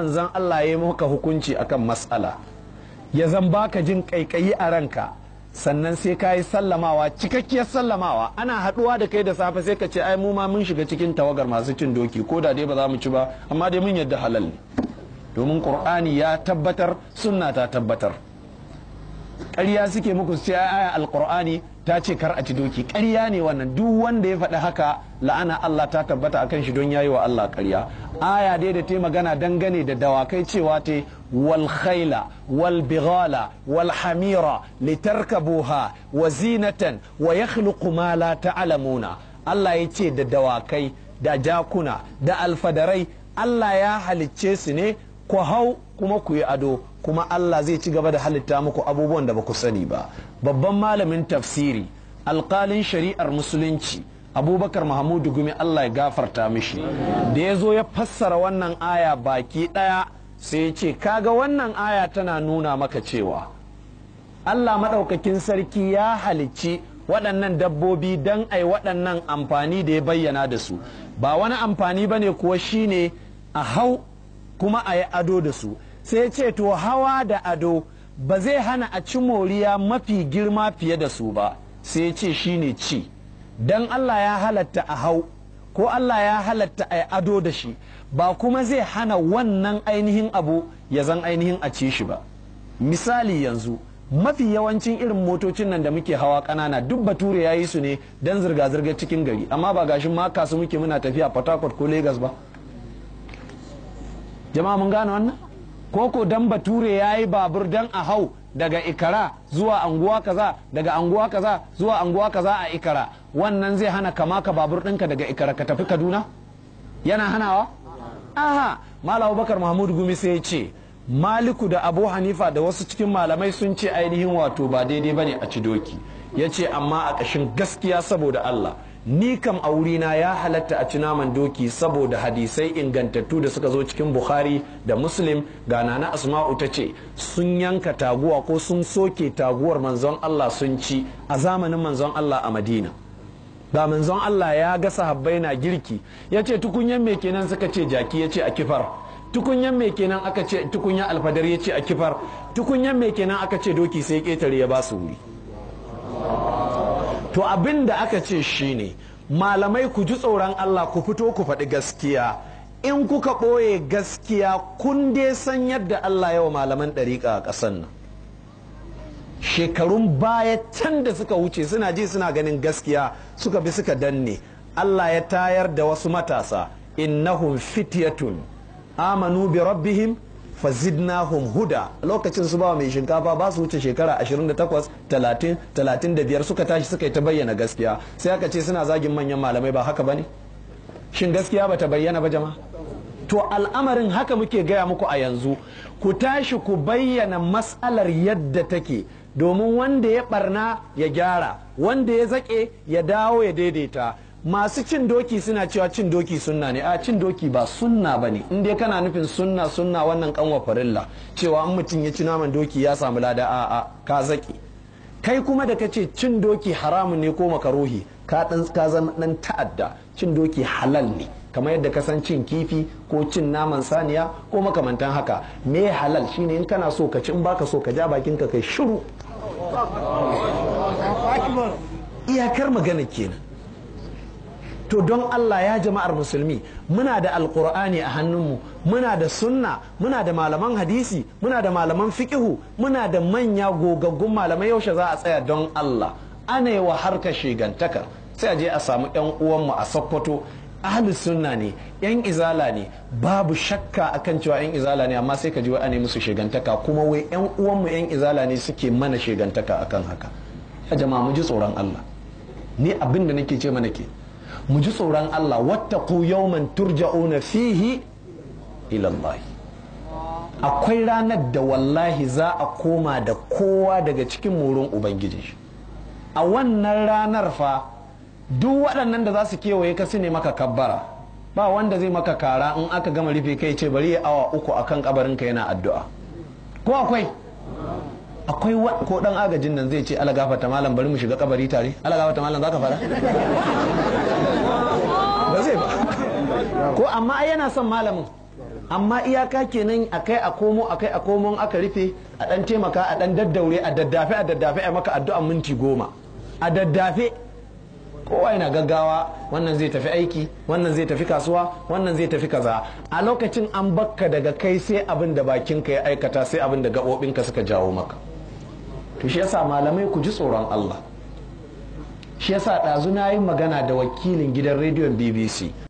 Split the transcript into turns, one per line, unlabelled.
manzan Allah ya yi maka hukunci akan matsala ya zan baka jin kaikayi a ranka sannan sai ka yi sallamawa cikakkiyar sallamawa ana haduwa da kai da safe sai ka ce ai mu ma mun shiga cikin tawagar masu cin doki ko da dai ba za mu ci ba amma dai mun yadda halal ne domin qur'ani ya tabbatar sunna ta tabbatar ƙarya suke muku su ce aya alqur'ani ta ce kar a ci doki ƙarya ne wannan duk wanda ya faɗi haka la'ana Allah ta tabbata akan shi don yayi wa Allah ƙarya aya dai da ta magana dangane da dawakai cewa te wal khaila wal bighala wal hamira litarkabuha wa zinatan wa yakhluqu ma la ta'lamuna Allah ya ce da dawakai da jakuna da alfadarai Allah ya halicce su ne ku hau kuma ku yi ado kuma Allah zai ci gaba da halitta muku abubuwan da ba ku sani ba babban malamin tafsiri alkalin shari'ar musulunci abubakar mahamudu gumi Allah ya gafarta mishi da ya zo ya fassara wannan aya baki ɗaya sai ya ce kaga wannan aya tana nuna maka cewa Allah maɗaukakin sarki ya halicci waɗannan dabbobi don a yi waɗannan amfani da ya bayyana da su ba wani amfani ba ne kuwa shine a hau kuma a yi ado da su sai ce to hawa da ado ba zai hana a ci moriya mafi girma fiye da su ba sai ce shi ne ci don Allah ya halatta a hau ko Allah ya halatta a yi ado da shi ba kuma zai hana wannan ainihin abu ya zan ainihin a ci shi ba misali yanzu mafi yawancin irin motocin nan da muke hawa kanana duk bature ya yi su ne don zirga-zirga cikin gari amma ba gashin ma kasu muke muna tafiya port harcourt ko legas ba jama'a mun gane wannan ko dan bature ya yi babur dan a hau daga ikara zuwa anguwa kaza daga anguwa kaza zuwa anguwa kaza a ikara wannan zai hana kama ka babur ɗinka daga ikara ka tafi kaduna yana hanawa aha malam abubakar mahmud gumi sai ya ce maliku da abu hanifa da wasu cikin malamai sun ce ainihin wato ba daidai bane a ci doki ya ce amma a ƙashin gaskiya saboda allah ni kam a wurina ya halatta a ci naman doki saboda hadisai ingantattu da suka zo cikin bukhari da muslim ga nana asma'u ta ce sun yanka taguwa ko sun soke taguwar manzon allah sun ci a zamanin manzon allah a madina da manzon allah ya ga sahabbai na girki ya ce tukunyan me kenan suka ce jaki ya ce a kifar tukunyan me kenan aka ce tukunyan alfadar ya ce a kifar tukunyan me kenan aka ce doki sai ketare ya ba su wuri to abin da aka ce shine malamai ku ji tsoron Allah ku fito ku faɗi gaskiya in kuka ɓoye gaskiya kun dai san yadda Allah yawa malaman ɗariƙa a ƙasan nan shekarun baya can da suka wuce suna ji suna ganin gaskiya suka bi suka danne Allah ya tayar da wasu matasa innahum fityatun amanu bi rabbihim fazidnahum huda lokacin su ba mai shinkafa ba su wuce shekara 28 30 35 suka tashi suka yi ta bayyana gaskiya sai aka ce suna zagin manyan malamai ba haka bane shin gaskiya ba ta bayyana ba jama'a to al'amarin haka muke gaya muku a yanzu ku tashi ku bayyana matsalar yadda take domin wanda ya barna ya gyara wanda ya zake ya dawo ya daidaita masu cin doki suna cewa cin doki sunna ne a cin doki ba sunna ba ne in dai kana nufin sunna sunna wannan kanwa farilla cewa in mutum ya ci naman doki ya samu lada a a ka zaki kai kuma da kace cin doki haramun ne ko makaruhi ka dan ka zama dan ta'adda cin doki halal ne kamar yadda ka san cin kifi ko cin naman saniya ko makamantan haka me halal shine in kana so ka ci in baka so ka ja bakin ka kai shiru iyakar magana kenan to don Allah ya jama'ar musulmi muna da alkur'ani a hannunmu muna da sunna muna da malaman hadisi muna da malaman fikihu muna da manya gogaggun malamai yaushe za a tsaya don Allah ana yi wa harka shigantakar sai a je a samu yan uwanmu a sokoto ahli sunna ne yan izala ne babu shakka akan cewa yan izala ne amma sai ka ji wa ne musu shigantaka kuma wai yan uwanmu yan izala ne suke mana shigantaka akan haka ya jama'a mu ji tsoron Allah ni abin da nake ce mana ke mu ji tsoron Allah wattaqu yawman turja'una fihi ila akwai ranar da wallahi za a koma da kowa daga cikin murin ubangiji a wannan ranar fa duk waɗannan da za su kewaye ka su ne maka kabbara ba wanda zai maka kara in aka gama rufe kai ce bari ya awa uku akan kabarinka yana addu'a ko akwai akwai ko dan agajin nan zai ce ala malam bari mu shiga kabari tare ala gafata malam zaka fara ko amma ai yana son malamin amma iyaka kenan akai a komo akai a komo aka rufe a dan taimaka a dan daddaure a daddafe a daddafe a maka addu'a minti goma a daddafe kowa yana gaggawa wannan zai tafi aiki wannan zai tafi kasuwa wannan zai tafi kaza a lokacin an bakka daga kai sai abin da bakinka ya aikata sai abin da ka suka jawo maka to shi yasa malamai ku ji tsoron Allah shi yasa ɗazu na yi magana da wakilin gidan rediyon bbc